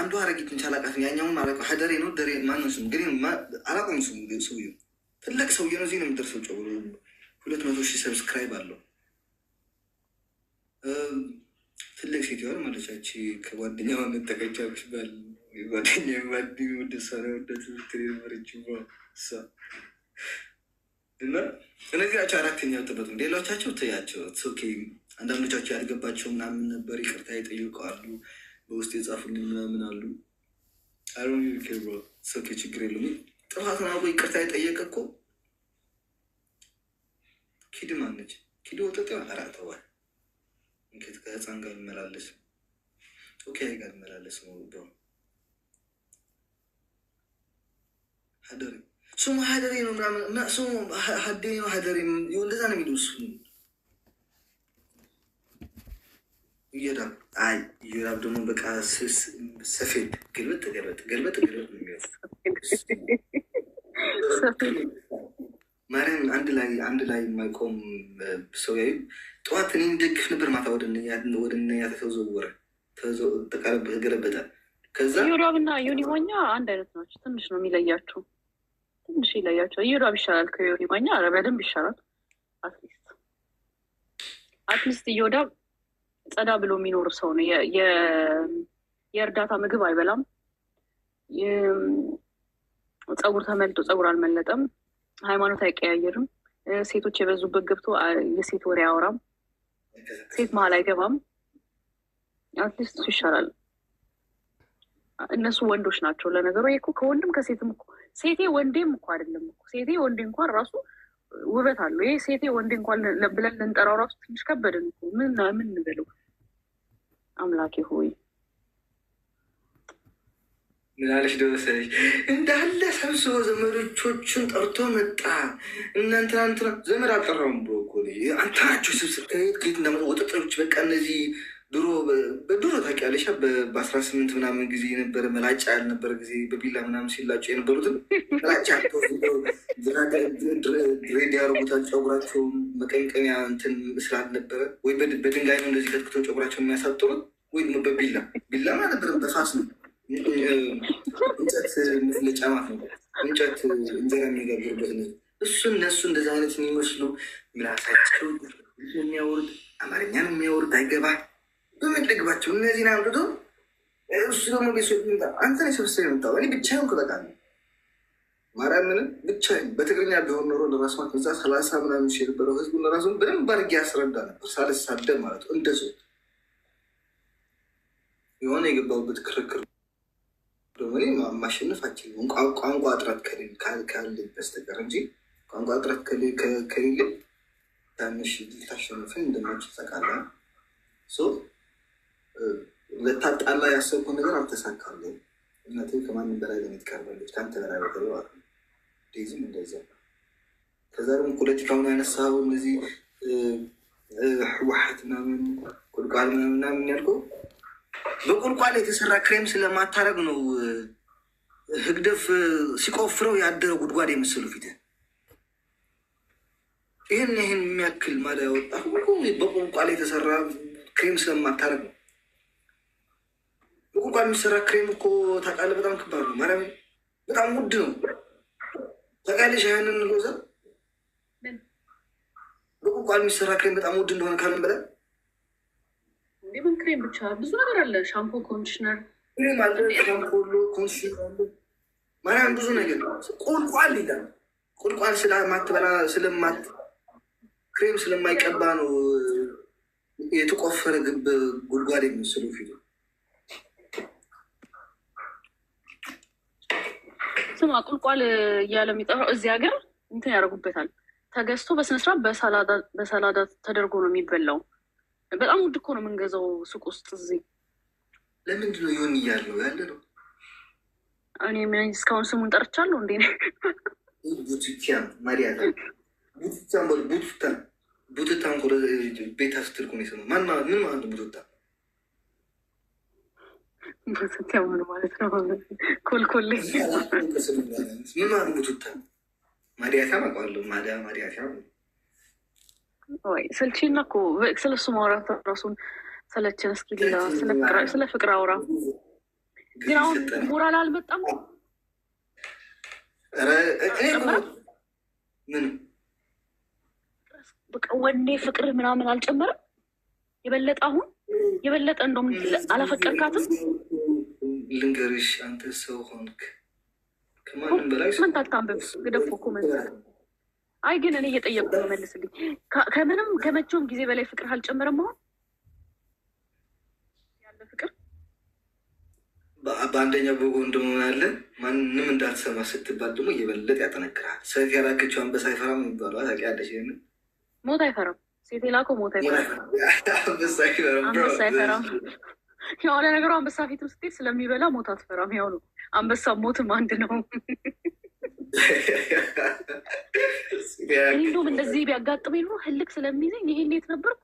አንዱ አረጊቱን ቻላቃት ያኛውን ማለ ሀደሬ ነው ደሬ ማነው ስም ግን አላቆም ስም ሰውዬው ትልቅ ሰውዬ ነው። እዚህ ነው የምደርሰው። ጨው ሁለት መቶ ሺህ ሰብስክራይብ አለው። ትልቅ ሴት ሆን ማለቻች ከጓደኛ መጠቀቻች ባል ጓደኛ ባዲ ወደሳ ሳራ ወደ ትምህርት የመረች እሷ እና እነዚህ ናቸው አራተኛ ጥበት ነው። ሌሎቻቸው ትያቸው ኦኬ። አንዳንዶቻቸው ያልገባቸው ምናምን ነበር ይቅርታ ይጠይቀዋሉ። በውስጥ የጻፉልኝ ምናምን አሉ። አሮኒ ኬብሮ ሰኬ ችግር የለም። ጥፋት አውቆ ይቅርታ የጠየቀ እኮ ኪድ ማነች? ኪድ ወጠጤ አራተዋል። እንት ከህፃን ጋር ይመላለስ ቶኪያዊ ጋር ይመላለስ ነው ደው ሀደሬ ስሙ ሀደሬ ነው ምናምን ስሙ ሀደሬ ነው ሀደሬ ነው እንደዛ ነው የሚለው እሱ እየዳም አይ እየዳም ደግሞ በቃ ስስ ሰፌድ ገልበጥ ገልበጥ ገልበጥ ገልበጥ ነው የሚወስ ማርያም አንድ ላይ አንድ ላይ የማይቆም ሰው ያዩ ጠዋት እኔ እንደግፍ ነበር፣ ማታ ወደ ነያተ ተዘወረ ተቃረብህ ገለበጠ። ከዛ ዩራብና ዮኒማኛ አንድ አይነት ናቸው። ትንሽ ነው የሚለያቸው፣ ትንሽ ይለያቸው። ዩራብ ይሻላል ከዮኒማኛ በደንብ ይሻላል። አትሊስት አትሊስት እየወዳብ ጸዳ ብሎ የሚኖር ሰው ነው። የእርዳታ ምግብ አይበላም። ጸጉር ተመልጦ ጸጉር አልመለጠም። ሃይማኖት አይቀያየርም። ሴቶች የበዙበት ገብቶ የሴት ወሬ አያወራም። ሴት መሀል አይገባም። አትሊስት እሱ ይሻላል። እነሱ ወንዶች ናቸው። ለነገሩ እኮ ከወንድም ከሴትም ሴቴ ወንዴም እኮ አይደለም እኮ ሴቴ ወንዴ እንኳን ራሱ ውበት አለው። ይህ ሴቴ ወንዴ እንኳን ብለን ልንጠራው ራሱ ትንሽ ከበደን። ምን ምን እንበለው? አምላኬ ሆይ ምናለሽ ደወሰች እንዳለ ሰብስቦ ዘመዶቾቹን ጠርቶ መጣ። እናንትና እንትና ዘመድ አልጠራውም ብሎ እኮ አንተ ናቸው ስብስብ ከየት ከየት እንዳመጣ ወጠጠሮች በቃ እነዚህ ድሮ በድሮ ታውቂያለሽ፣ በአስራ ስምንት ምናምን ጊዜ የነበረ መላጫ ያልነበረ ጊዜ በቢላ ምናምን ሲላቸው የነበሩትን መላጫ ድሬድ ያደረጉታል። ጨጉራቸው መቀንቀሚያ እንትን ስላልነበረ ወይ በድንጋይ ነው እንደዚህ ከትክቶ ጨጉራቸው የሚያሳጥሩት ወይ በቢላ ቢላ ነበረ። በፋስ ነው እንጨት መፍለጫ ማለት ነው፣ እንጨት እንጀራ የሚጋገርበት ነው እሱ። እነሱ እንደዚህ አይነት የሚመስሉ ምላሳቸው የሚያወርድ አማርኛ ነው የሚያወርድ አይገባል በምን እነዚህን አምጥቶ እሱ ደግሞ ቤሶ ሚጣ አንተን የሰብሰብ የምጣ እኔ ብቻዬን ቁጠቃለ ማርያም ምንም ብቻ በትግርኛ ቢሆን ኖሮ ለራስማት እዛ ሰላሳ ምናምን ሺህ የነበረው ህዝቡ ለራሱ በደንብ አድርጌ ያስረዳ ነበር፣ ሳልሳደብ ማለት ነው። እንደዚ የሆነ የገባሁበት ክርክር ደግሞ ማሸነፍ አችልም ቋንቋ እጥረት ካለ በስተቀር እንጂ ቋንቋ እጥረት ከሌለ ታንሽ ልታሸንፈን እንደማችል ታውቃለህ። ልታጣላ ያሰብኩ ነገር አልተሳካልኝም። እናቴ ከማንም በላይ ለሚትቀርበልች ከአንተ በላይ በተለ ዴዚም እንደዚያ። ከዛ ደግሞ ፖለቲካውን ያነሳው እነዚህ ህወሓት ምናምን ቁልቋል ምናምን ያልከው በቁልቋል የተሰራ ክሬም ስለማታረግ ነው። ህግደፍ ሲቆፍረው ያደረው ጉድጓድ የመሰሉ ፊት ይህን ይህን የሚያክል ማዳ ያወጣ በቁልቋል የተሰራ ክሬም ስለማታረግ ነው። እንኳን የሚሰራ ክሬም እኮ ታውቃለህ፣ በጣም ከባድ ነው። ማርያም በጣም ውድ ነው። ታውቃለሽ ያንን ሎዛ በኮካ የሚሰራ ክሬም በጣም ውድ እንደሆነ ካለን በላል ምን ክሬም ብቻ ብዙ ነገር አለ። ሻምፖ፣ ኮንዲሽነር ማርያም ብዙ ነገር ቁልቋል ይላል። ቁልቋል ስለማትበላ ስለማት ክሬም ስለማይቀባ ነው የተቆፈረ ግብ ጉድጓድ የሚመስለው ፊት ስም አቁልቋል እያለ የሚጠራው እዚህ ሀገር እንትን ያደርጉበታል። ተገዝቶ በስነስርዓት በሰላዳ ተደርጎ ነው የሚበላው። በጣም ውድ እኮ ነው የምንገዛው ሱቅ ውስጥ እዚህ። ለምንድን ነው ይሆን እያለው ያለ ነው። እኔ ምን እስካሁን ስሙን ጠርቻለሁ እንዴ? ቡትቻ ቡትታ ቡትታ ቤታ ስትልኩ ነው ምን ማለት ነው ቡትታ ስትያምኑ ማለት ነው። ኮልኮል ስልችና እኮ ማውራት ራሱን ሰለችን። እስኪ ሌላ ስለ ፍቅር አውራ። ግን አሁን ሞራል አልመጣም። በቃ ወኔ ፍቅር ምናምን አልጨመረም። የበለጠ አሁን የበለጠ እንደውም አላፈቀርካትም ልንገርሽ፣ አንተ ሰው ሆንክ ከማንም በላይ ምን ታታንበብስ ግደፎ ኮመንት አይ ግን እኔ እየጠየቁ ነው መልስልኝ። ከምንም ከመቼውም ጊዜ በላይ ፍቅር አልጨምርም። አሁን ያለ ፍቅር በአንደኛው በጎን ደግሞ ያለ ማንም እንዳትሰማ ስትባል ደግሞ እየበለጥ ያጠነክራል። ሰይፍ ያላከችው አንበሳ አይፈራም የሚባለው ታውቂያለሽ? ይህንን ሞት አይፈራም። ሴት የላከው ሞት አይፈራም፣ አንበሳ አይፈራም። የሆነ ነገሩ አንበሳ ፊት ውስጥ ስለሚበላ ሞት አትፈራም። ያው ነው አንበሳ ሞትም አንድ ነው። እንዲሁም እንደዚህ ቢያጋጥም ይሉ ህልቅ ስለሚይዘኝ ይሄ እንዴት ነበር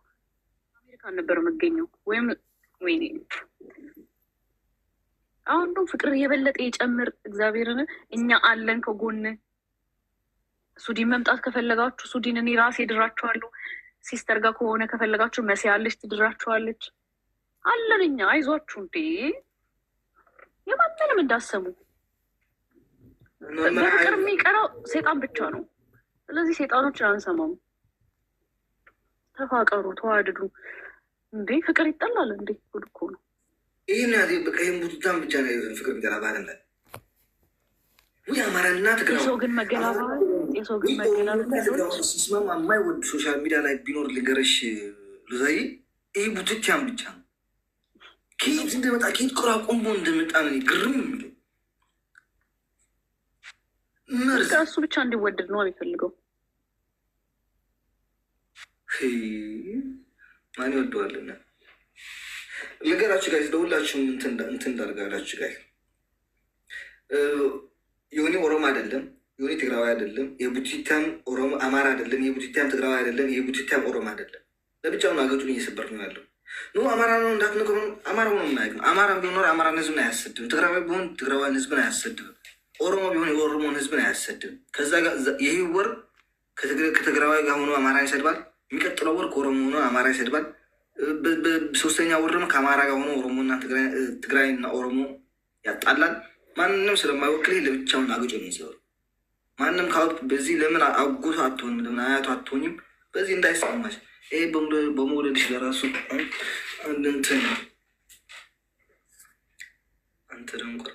አሜሪካን ነበር የምገኘው ወይም ወይኔ አሁን ነው ፍቅር የበለጠ የጨምር። እግዚአብሔርን እኛ አለን ከጎን። ሱዲን መምጣት ከፈለጋችሁ ሱዲን እኔ ራሴ ድራችኋለሁ። ሲስተር ጋር ከሆነ ከፈለጋችሁ መሲ አለች ትድራችኋለች። አለን እኛ አይዟችሁ እንዴ የማንንም እንዳሰሙ በፍቅር የሚቀረው ሴጣን ብቻ ነው። ስለዚህ ሴጣኖች አንሰማም። ተፋቀሩ፣ ተዋድዱ። እንዴ ፍቅር ይጠላል እንዴ? ጉድ እኮ ነው። ይህን ይህን ቡቱታን ብቻ ነው ፍቅር ሚጠላ ባለ ውይ አማራ እና ትግራይ የሰው ግን መገናባት የማይወድ ሶሻል ሚዲያ ላይ ቢኖር ልገረሽ ልዛይ ይህ ቡትቻን ብቻ ነው ከየት እንደመጣ ከየት ቆራቁምቦ እንደመጣ ነው ግርም የሚለው እሱ ብቻ እንዲወደድ ነው የሚፈልገው። ማን ይወደዋልና? ነገራችሁ ጋይዝ ለሁላችሁም እንትን እንዳርጋላችሁ ጋይዝ የሆኔ ኦሮሞ አይደለም፣ የሆኔ ትግራዊ አይደለም፣ የቡቲታም ኦሮሞ አማራ አይደለም፣ የቡቲታም ትግራዊ አይደለም፣ የቡቲታም ኦሮሞ አይደለም። ለብቻውን አገጩን እየሰበር ነው ያለው። ኑ አማራ ነው እንዳትነግሩ። አማራ ሆኖ የማያውቅ ነው። አማራ ቢኖር ኖሮ አማራን ህዝብን አያሰድብም። ትግራዊ ቢሆን ትግራዋን ህዝብን አያሰድብም። ኦሮሞ ቢሆን የኦሮሞን ህዝብን አያሰድብም። ከዛ ጋር ይህ ወር ከትግራዊ ጋር ሆኖ አማራ ይሰድባል። የሚቀጥለው ወር ከኦሮሞ ሆኖ አማራ ይሰድባል። ሶስተኛ ወር ደግሞ ከአማራ ጋር ሆኖ ኦሮሞና ትግራይና ኦሮሞ ያጣላል። ማንም ስለማይወክል ለብቻውን አገጮ ነው ይዘዋል። ማንም በዚህ ለምን አጎቱ አትሆንም? ለምን አያቱ አትሆኝም? በዚህ እንዳይሰማቸው ይሄ በመውደድሽ ለራሱ አንድ እንትን አንተ ደንቆር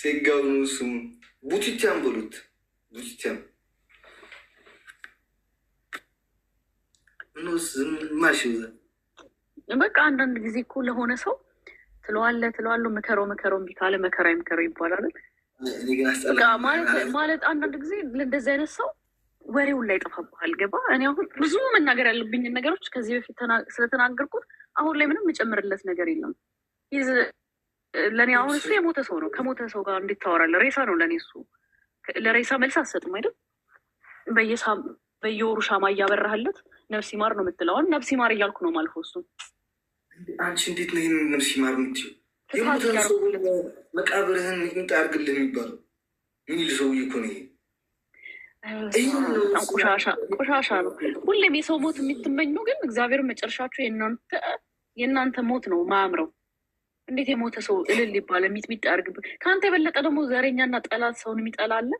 ሴጋውኑ ስሙ ቡቲቻም በሉት ቡቲቻም ምኖስ ማሽ በቃ አንዳንድ ጊዜ እኮ ለሆነ ሰው ትለዋለ ትለዋለህ ምከሮ ምከሮ እምቢ ካለ መከራ ምከረው ይባላል። ማለት አንዳንድ ጊዜ እንደዚህ አይነት ሰው ወሬውን ላይ ጠፋብሃል። ገባ እኔ አሁን ብዙ መናገር ያለብኝን ነገሮች ከዚህ በፊት ስለተናገርኩት አሁን ላይ ምንም የምጨምርለት ነገር የለም። ለእኔ አሁን እሱ የሞተ ሰው ነው። ከሞተ ሰው ጋር እንዴት ታወራለህ? ሬሳ ነው ለእኔ እሱ። ለሬሳ መልስ አትሰጥም አይደል? በየወሩ ሻማ እያበራህለት ነፍስ ይማር ነው የምትለው። አሁን እያልኩ ነው ማልፈው እሱ አንቺ እንዴት ነው ይህን ነፍስ ይማር የምትይው? የሞተን ሰው መቃብርህን ይንጣ አድርግልህ የሚባለው ምን ይል ሰውዬ እኮ ነው። ቆሻሻ ነው። ሁሌም የሰው ሞት የምትመኙ ግን እግዚአብሔር መጨረሻችሁ የእናንተ ሞት ነው ማያምረው። እንዴት የሞተ ሰው እልል ይባለ ሚጥሚጥ አርግብ። ከአንተ የበለጠ ደግሞ ዘረኛና ጠላት ሰውን የሚጠላለ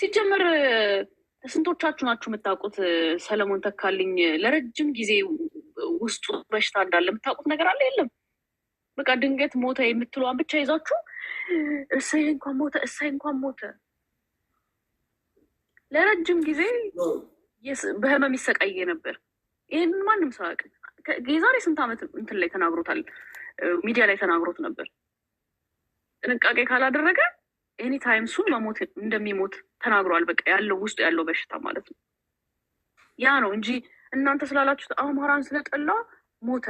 ሲጀመር ስንቶቻችሁ ናችሁ የምታውቁት? ሰለሞን ተካልኝ ለረጅም ጊዜ ውስጡ በሽታ እንዳለ የምታውቁት ነገር አለ? የለም። በቃ ድንገት ሞተ የምትለዋን ብቻ ይዛችሁ እሰይ እንኳን ሞተ፣ እሰይ እንኳን ሞተ። ለረጅም ጊዜ በህመም ይሰቃየ ነበር። ይህንን ማንም ሰው ያውቅ። የዛሬ ስንት ዓመት እንትን ላይ ተናግሮታል፣ ሚዲያ ላይ ተናግሮት ነበር። ጥንቃቄ ካላደረገ ኤኒ ታይም ሱን መሞት እንደሚሞት ተናግሯል። በቃ ያለው ውስጡ ያለው በሽታ ማለት ነው። ያ ነው እንጂ እናንተ ስላላችሁት አማራን ስለጠላ ሞተ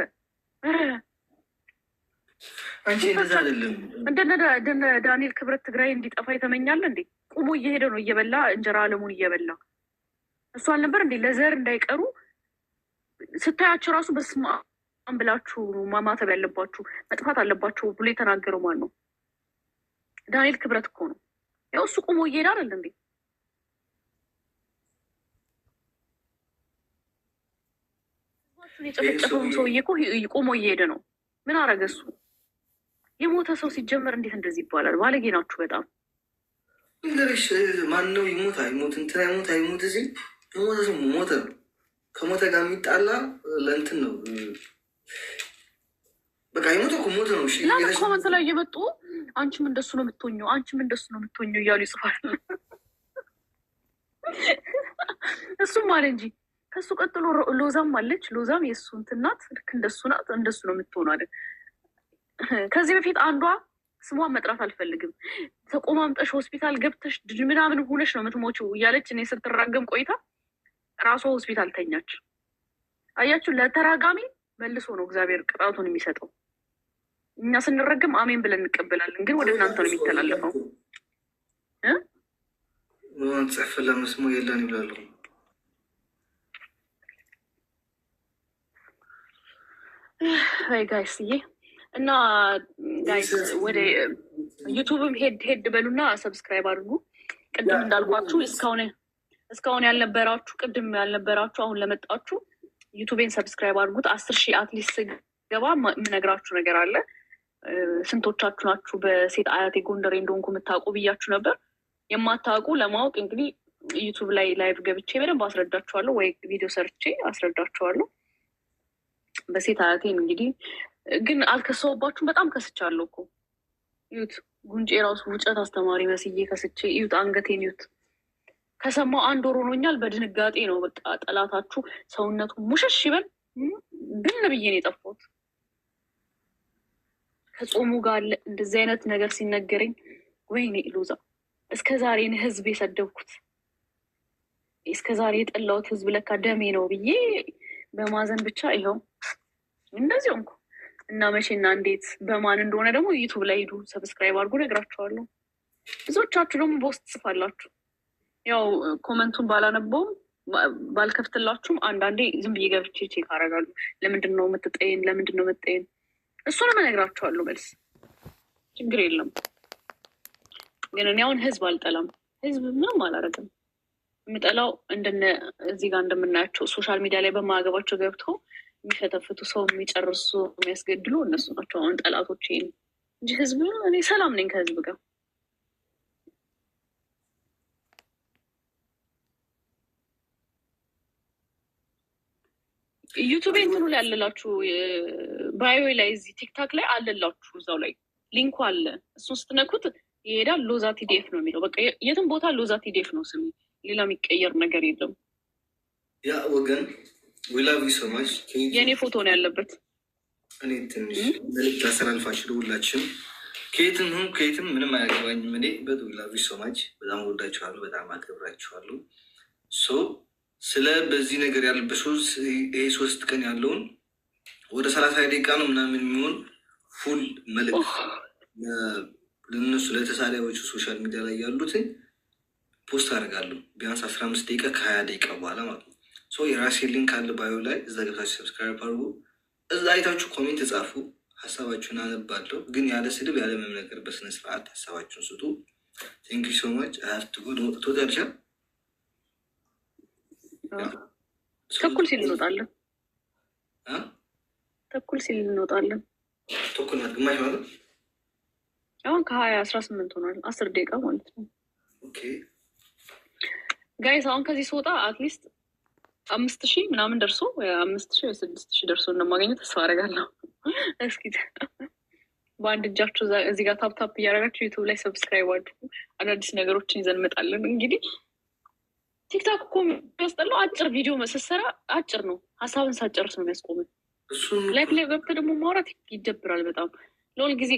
እንደ ዳንኤል ክብረት ትግራይ እንዲጠፋ የተመኛለ እንዴ? ቁሞ እየሄደ ነው እየበላ እንጀራ አለሙን እየበላ እሷን ነበር እንዴ? ለዘር እንዳይቀሩ ስታያቸው ራሱ በስማ ብላችሁ ማማተብ ያለባችሁ መጥፋት አለባችሁ ብሎ የተናገረው ማን ነው? ዳንኤል ክብረት እኮ ነው። ያው እሱ ቁሞ እየሄደ አይደል እንዴ? የጨፈጨፈውም ሰውዬ እኮ ቁሞ እየሄደ ነው። ምን አረገ እሱ? የሞተ ሰው ሲጀመር እንዴት እንደዚህ ይባላል? ባለጌ ናችሁ በጣም ነገሮች። ማነው ይሞት አይሞት እንትን አይሞት አይሞት እዚህ የሞተ ሰው ሞተ ነው። ከሞተ ጋር የሚጣላ ለእንትን ነው በቃ የሞተ እኮ ሞተ ነው። ለምን ኮመንት ላይ እየመጡ አንቺም እንደሱ ነው የምትሆኘው፣ አንቺም እንደሱ ነው የምትሆኘው እያሉ ይጽፋል። እሱም አለ እንጂ ከሱ ቀጥሎ ሎዛም አለች። ሎዛም የእሱ እንትን ናት፣ ልክ እንደሱ ናት፣ እንደሱ ነው የምትሆኑ አለ። ከዚህ በፊት አንዷ ስሟን መጥራት አልፈልግም፣ ተቆማምጠሽ ሆስፒታል ገብተሽ ምናምን ሁነሽ ነው የምትሞችው እያለች እኔ ስትራገም ቆይታ ራሷ ሆስፒታል ተኛች። አያችሁ፣ ለተራጋሚ መልሶ ነው እግዚአብሔር ቅጣቱን የሚሰጠው። እኛ ስንረግም አሜን ብለን እንቀበላለን፣ ግን ወደ እናንተ ነው የሚተላለፈው። ጽፍ ለመስሙ የለን ይብላሉ። ወይ ጋይስዬ እና ጋይስ ወደ ዩቱብም ሄድ ሄድ በሉና ሰብስክራይብ አድርጉ። ቅድም እንዳልኳችሁ እስካሁን እስካሁን ያልነበራችሁ ቅድም ያልነበራችሁ አሁን ለመጣችሁ ዩቱቤን ሰብስክራይብ አድርጉት። አስር ሺህ አትሊስት ስገባ የምነግራችሁ ነገር አለ። ስንቶቻችሁ ናችሁ በሴት አያቴ ጎንደሬ እንደሆንኩ የምታውቁ ብያችሁ ነበር። የማታውቁ ለማወቅ እንግዲህ ዩቱብ ላይ ላይቭ ገብቼ በደንብ አስረዳችኋለሁ፣ ወይ ቪዲዮ ሰርቼ አስረዳችኋለሁ። በሴት አያቴን እንግዲህ ግን አልከሰውባችሁም። በጣም ከስቻለሁ እኮ ዩት ጉንጭ የራሱ ውጨት አስተማሪ መስዬ ከስቼ ዩት አንገቴን ዩት ከሰማው አንድ ወር ሆኖኛል። በድንጋጤ ነው በቃ ጠላታችሁ ሰውነቱ ሙሸሽ ይበል ብን ብዬ ነው የጠፋሁት። ከጾሙ ጋር እንደዚህ አይነት ነገር ሲነገረኝ ወይኔ ሎዛ እስከ ዛሬ ህዝብ የሰደብኩት እስከ ዛሬ የጠላሁት ህዝብ ለካ ደሜ ነው ብዬ በማዘን ብቻ ይኸው እንደዚሁ እንኳ እና መቼና እንዴት በማን እንደሆነ ደግሞ ዩቱብ ላይ ሂዱ ሰብስክራይብ አድርጎ ነግራችኋለሁ። ብዙዎቻችሁ ደግሞ በውስጥ ጽፋላችሁ። ያው ኮመንቱን ባላነበውም ባልከፍትላችሁም አንዳንዴ ዝም ብዬ ገብቼ ቼክ አደርጋለሁ። ለምንድን ነው የምትጠይን? ለምንድን ነው የምትጠይን? እሱንም እነግራቸዋለሁ። መልስ ችግር የለም ግን እኔ አሁን ህዝብ አልጠላም። ህዝብ ምንም አላረግም። የምጠላው እንደነ እዚህ ጋር እንደምናያቸው ሶሻል ሚዲያ ላይ በማገባቸው ገብተው የሚፈተፍቱ ሰው የሚጨርሱ የሚያስገድሉ እነሱ ናቸው አሁን ጠላቶች እንጂ ህዝብ እኔ ሰላም ነኝ ከህዝብ ጋር ዩቱቤ እንትኑ ላይ ያለላችሁ ባዮ ላይ እዚህ ቲክታክ ላይ አለላችሁ እዛው ላይ ሊንኩ አለ። እሱን ስትነኩት ይሄዳል። ሎዛ ቲዲኤፍ ነው የሚለው በቃ የትም ቦታ ሎዛ ቲዲኤፍ ነው ስም፣ ሌላ የሚቀየር ነገር የለም። ያ ወገን የእኔ ፎቶ ነው ያለበት። እኔ ትንሽ መልዕክት አስተላልፋችሁ ደውላችን ከየትም ሁም ከየትም ምንም አያገባኝም። እኔ በዱላቪ ሶማች በጣም ወዳችኋሉ፣ በጣም አከብራችኋለሁ። ሶ ስለ በዚህ ነገር ያለበት ይሄ ሶስት ቀን ያለውን ወደ ሰላሳ ደቂቃ ነው ምናምን የሚሆን ፉል መልእክት ለነሱ ለተሳሪያዎቹ ሶሻል ሚዲያ ላይ ያሉት ፖስት አደርጋለሁ። ቢያንስ አስራ አምስት ደቂቃ ከሀያ ደቂቃ በኋላ ማለት ነው። ሶ የራሴ ሊንክ አለ ባዮ ላይ እዛ ገብታችሁ ሰብስክራይብ አድርጉ። እዛ አይታችሁ ኮሜንት ጻፉ፣ ሀሳባችሁን አነባለሁ። ግን ያለ ስድብ ያለ ምንም ነገር በስነስርዓት ሀሳባችሁን ስጡ። ቴንክ ዩ ሶ ማች ሀፍት ጎድ ወጥቶ ደርሻ ተኩል ሲል እንወጣለን ተኩል ሲል እንወጣለን። ተኩል ግማሽ ማለት አሁን ከሀያ አስራ ስምንት ሆኗል። አስር ደቂቃ ማለት ነው። ጋይስ አሁን ከዚህ ስወጣ አትሊስት አምስት ሺህ ምናምን ደርሶ አምስት ሺህ ስድስት ሺህ ደርሶ እንደማገኘው ተስፋ አደርጋለሁ። እስኪ በአንድ እጃችሁ እዚህ ጋር ታፕታፕ እያደረጋችሁ ዩቱብ ላይ ሰብስክራይብ አድርጉ። አዳዲስ ነገሮችን ይዘን እንመጣለን። እንግዲህ ቲክታክ እኮ የሚያስጠላው አጭር ቪዲዮ መሰሰራ አጭር ነው። ሀሳብን ሳጨርስ ነው የሚያስቆምን። ላይፍ ላይ ገብተህ ደግሞ ማውራት ይደብራል በጣም ለሁል ጊዜ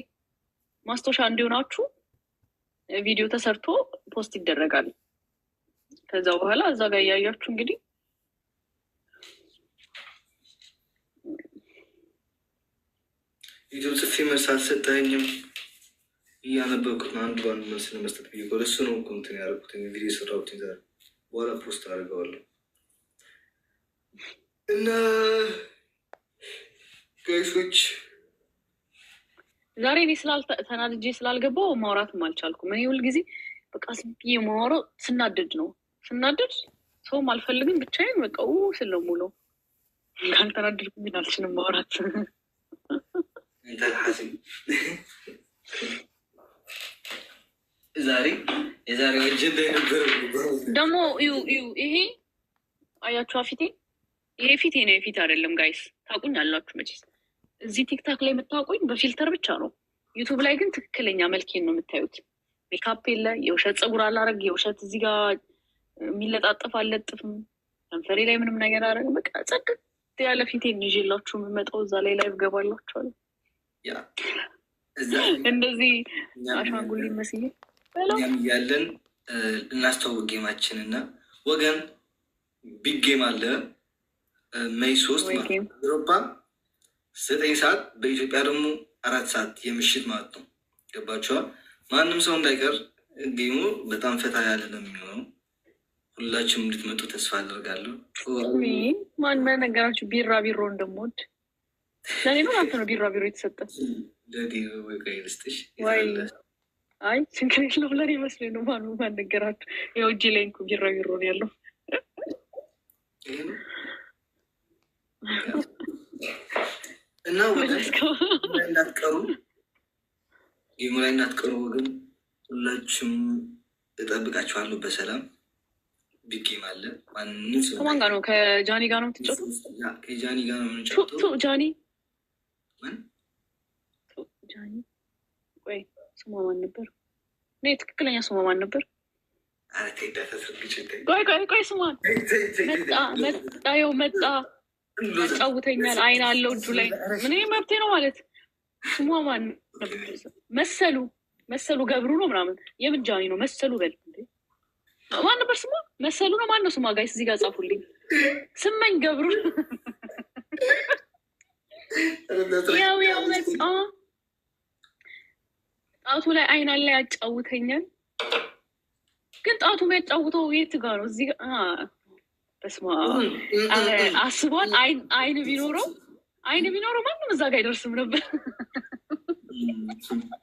ማስታወሻ እንዲሆናችሁ ቪዲዮ ተሰርቶ ፖስት ይደረጋል። ከዛ በኋላ እዛ ጋር እያያችሁ እንግዲህ ዩቱብ ጽፌ መልስ አልሰጠኝም። እያነበብኩት ነው። አንዱ አንዱ መልስ ለመስጠት ብዬ እኮ ለሱ ነው እንትን ያደረኩት ቪዲዮ የሰራሁት ዛሬ በኋላ ፖስት አድርገዋለሁ እና ጋይሶች ዛሬ እኔ ስላልተናድጄ ስላልገባው ማውራትም አልቻልኩም። እኔ ሁልጊዜ በቃ ስብዬ ማውራው ስናደድ ነው። ስናደድ ሰውም አልፈልግም ብቻዬን በቃ ስለሙሉ ካልተናደድኩ ግን አልችልም ማውራት። ዛሬ የዛሬ ወንጀል ነበረ ደግሞ ይሄ አያችሁ ፊቴ ይሄ ፊቴ ነው የፊት አይደለም ጋይስ ታቁኝ አላችሁ መቼስ እዚህ ቲክታክ ላይ የምታውቁኝ በፊልተር ብቻ ነው። ዩቱብ ላይ ግን ትክክለኛ መልኬን ነው የምታዩት። ሜካፕ የለ፣ የውሸት ፀጉር አላረግ፣ የውሸት እዚህ ጋ የሚለጣጠፍ አልለጥፍም፣ ከንፈሬ ላይ ምንም ነገር አረግ። በቃ ጸቅት ያለ ፊቴን ይዤላችሁ የምመጣው እዛ ላይ ላይቭ ገባላችኋል። እንደዚህ አሻንጉሊት መስዬ ያለን እናስተዋወቅ ጌማችን እና ወገን ቢግ ጌም አለ ሜይ ሶስት ሮባ ዘጠኝ ሰዓት በኢትዮጵያ ደግሞ አራት ሰዓት የምሽት ማለት ነው። ገባቸዋል። ማንም ሰው እንዳይቀር ጌሙ በጣም ፈታ ያለ ነው የሚሆነው። ሁላችሁም እንድትመጡ ተስፋ አደርጋለሁ። ማን ነገራችሁ? ቢራ ቢሮ እንደምወድ ለኔ ነው አንተ ነው። ቢራ ቢሮ የተሰጠ አይ ችግር የለውም። ለኔ መስሎኝ ነው። ማን ማን ነገራችሁ? ያው እጄ ላይ እንኳ ቢራ ቢሮ ነው ያለው። እና እንዳትቀሩ ላይ እንዳትቀሩ ግን ሁላችሁም እጠብቃችኋለሁ። በሰላም ቢጌም አለ ማንም ሰው ከማን ጋር ነው? ከጃኒ ጋር ነው የምትጫወተው? ከጃኒ ጋር ነው የምንጫወተው። ጃኒ ጃኒ፣ ቆይ ስሟ ማን ነበር? እኔ ትክክለኛ ስሟ ማን ነበር? ቆይ ቆይ ቆይ ስሟን መጣ መጣ፣ ይኸው መጣ ያጫውተኛል። አይን አለው እጁ ላይ ምን መብቴ ነው ማለት ስሟ ማን መሰሉ መሰሉ ገብሩ ነው ምናምን የምጃኒ ነው መሰሉ በል ማን ነበር ስሟ? መሰሉ ነው ማን ነው ስሟ? ጋይስ እዚህ ጋር ጻፉልኝ። ስመኝ ገብሩ ያው ያው ጣቱ ላይ አይን አለ ያጫውተኛል። ግን ጣቱ የሚያጫውተው የት ጋር ነው? እዚህ በስማ አስቧል። አይን ቢኖረው አይን ቢኖረው ማንም እዛ ጋ አይደርስም ነበር።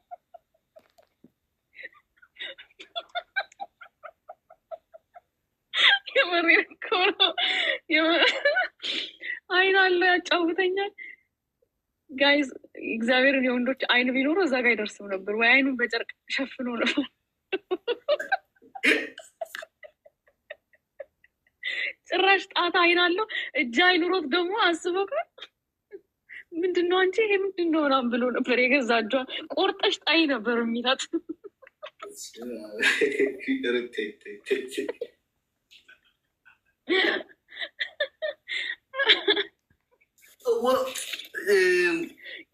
አይን አለ ያጫውተኛል። ጋይዝ እግዚአብሔርን የወንዶች አይን ቢኖረው እዛ ጋ አይደርስም ነበር። ወይ አይኑን በጨርቅ ሸፍኖ ነበር። ጭራሽ ጣት አይናለሁ እጅ አይኑሮት ደግሞ አስበው ምንድን ነው አንቺ ይሄ ምንድን ነው ምናምን ብሎ ነበር የገዛ እጇን ቆርጠሽ ጣይ ነበር የሚላት።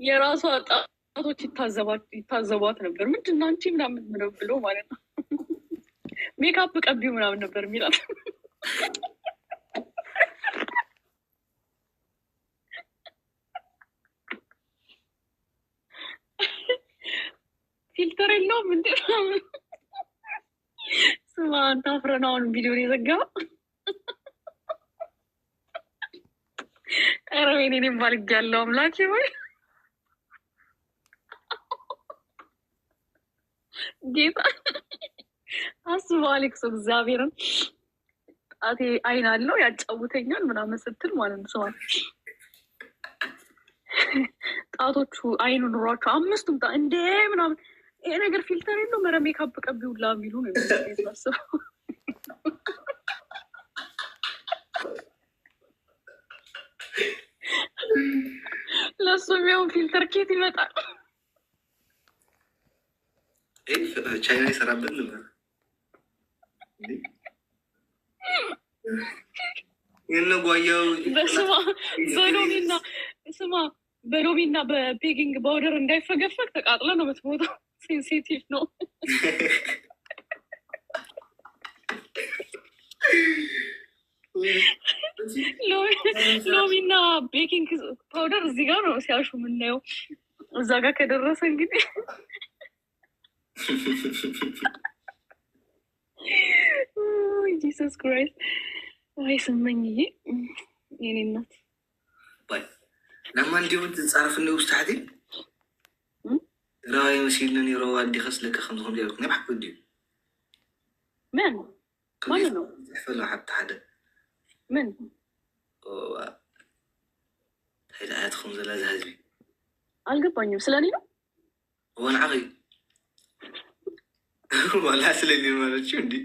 የራሷ ጣቶች ይታዘቧት ነበር። ምንድን ነው አንቺ ምናምን ብሎ ማለት ነው ሜካፕ ቀቢው ምናምን ነበር የሚላት ፊልተር የለውም። እንደ ስማ አንተ አፍረን አሁን ቪዲዮን የዘጋው ኧረ ወይኔ እኔም ያለው አምላኪ ወይ ጌታ አስበ አሌክስ እግዚአብሔርን ጣቴ አይን አለው ያጫውተኛል ምናምን ስትል ማለት ነው። ስማ ጣቶቹ አይኑ ኑሯቸው አምስቱም እንዴ ምናምን ይሄ ነገር ፊልተር የለው መረ ሜካፕ ቀቢው ላ የሚሉ ነው የሚያስባስበው። ለእሱ የሚሆን ፊልተር ኬት ይመጣል። ቻይና ይሰራበት ነበር። የነ ጓያው በሎሚና ስማ፣ በሎሚና በቤኪንግ ባውደር እንዳይፈገፈግ ተቃጥለ ነው የምትሞተው። ሴንሲቲቭ ነው። ሎሚና ቤኪንግ ፓውደር እዚህ ጋር ነው ሲያሹ የምናየው። እዛ ጋር ከደረሰ እንግዲህ ጂሰስ ክራይስት ወይ ስመኝዬ የኔ እናት ለማ እንዲሁም ትንጻረፍ እንውስጥ لا يمشيلني روادي خسلك خمسون ديالك نبحك ودي من؟ منو؟ ولا حتى حدا من؟ هيدا قاعد خمسة لا زهزبي አልገባኝም። ስለ እኔ ነው ወን አቂ ዋላ ስለ እኔ ማለችው እንዲህ